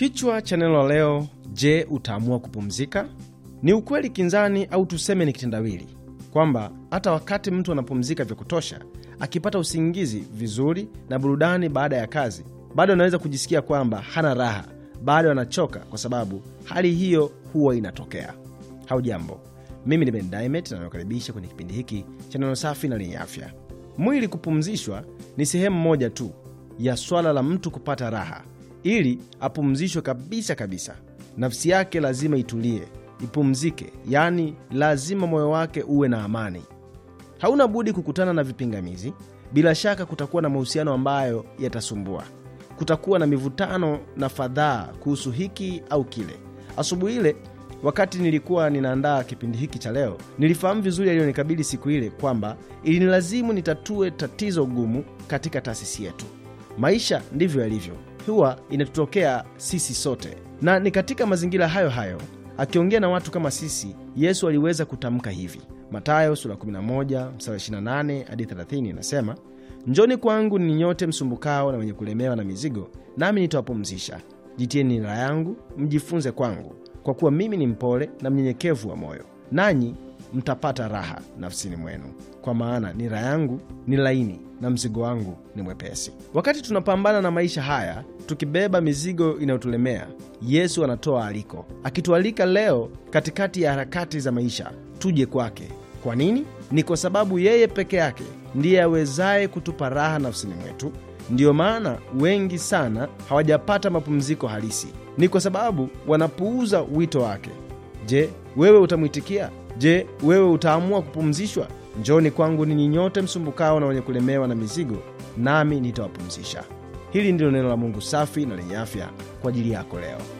Kichwa cha neno la leo: Je, utaamua kupumzika? Ni ukweli kinzani, au tuseme ni kitendawili, kwamba hata wakati mtu anapumzika vya kutosha, akipata usingizi vizuri na burudani baada ya kazi, bado anaweza kujisikia kwamba hana raha, bado anachoka, kwa sababu hali hiyo huwa inatokea. Haujambo, mimi ni Ben Diamond na nakaribisha kwenye kipindi hiki cha neno safi na lenye afya. Mwili kupumzishwa ni sehemu moja tu ya swala la mtu kupata raha ili apumzishwe kabisa kabisa. Nafsi yake lazima itulie, ipumzike, yaani lazima moyo wake uwe na amani. Hauna budi kukutana na vipingamizi. Bila shaka kutakuwa na mahusiano ambayo yatasumbua, kutakuwa na mivutano na fadhaa kuhusu hiki au kile. Asubuhi ile wakati nilikuwa ninaandaa kipindi hiki cha leo, nilifahamu vizuri yaliyonikabili siku ile, kwamba ilinilazimu nitatue tatizo gumu katika taasisi yetu. Maisha ndivyo yalivyo huwa inatutokea sisi sote, na ni katika mazingira hayo hayo, akiongea na watu kama sisi, Yesu aliweza kutamka hivi. Mathayo sura 11 mstari 28 hadi 30 inasema, njoni kwangu ni nyote msumbukao na wenye kulemewa na mizigo, nami nitawapumzisha. Jitieni nira yangu, mjifunze kwangu, kwa kuwa mimi ni mpole na mnyenyekevu wa moyo, nanyi mtapata raha nafsini mwenu, kwa maana nira yangu ni laini na mzigo wangu ni mwepesi. Wakati tunapambana na maisha haya tukibeba mizigo inayotulemea, Yesu anatoa aliko, akitualika leo katikati ya harakati za maisha tuje kwake. Kwa nini? Ni kwa sababu yeye peke yake ndiye awezaye kutupa raha nafsini mwetu. Ndiyo maana wengi sana hawajapata mapumziko halisi, ni kwa sababu wanapuuza wito wake. Je, wewe utamwitikia? Je, wewe utaamua kupumzishwa? Njoni kwangu ninyi nyote msumbukao na wenye kulemewa na mizigo, nami nitawapumzisha. Hili ndilo neno la Mungu safi na lenye afya kwa ajili yako leo.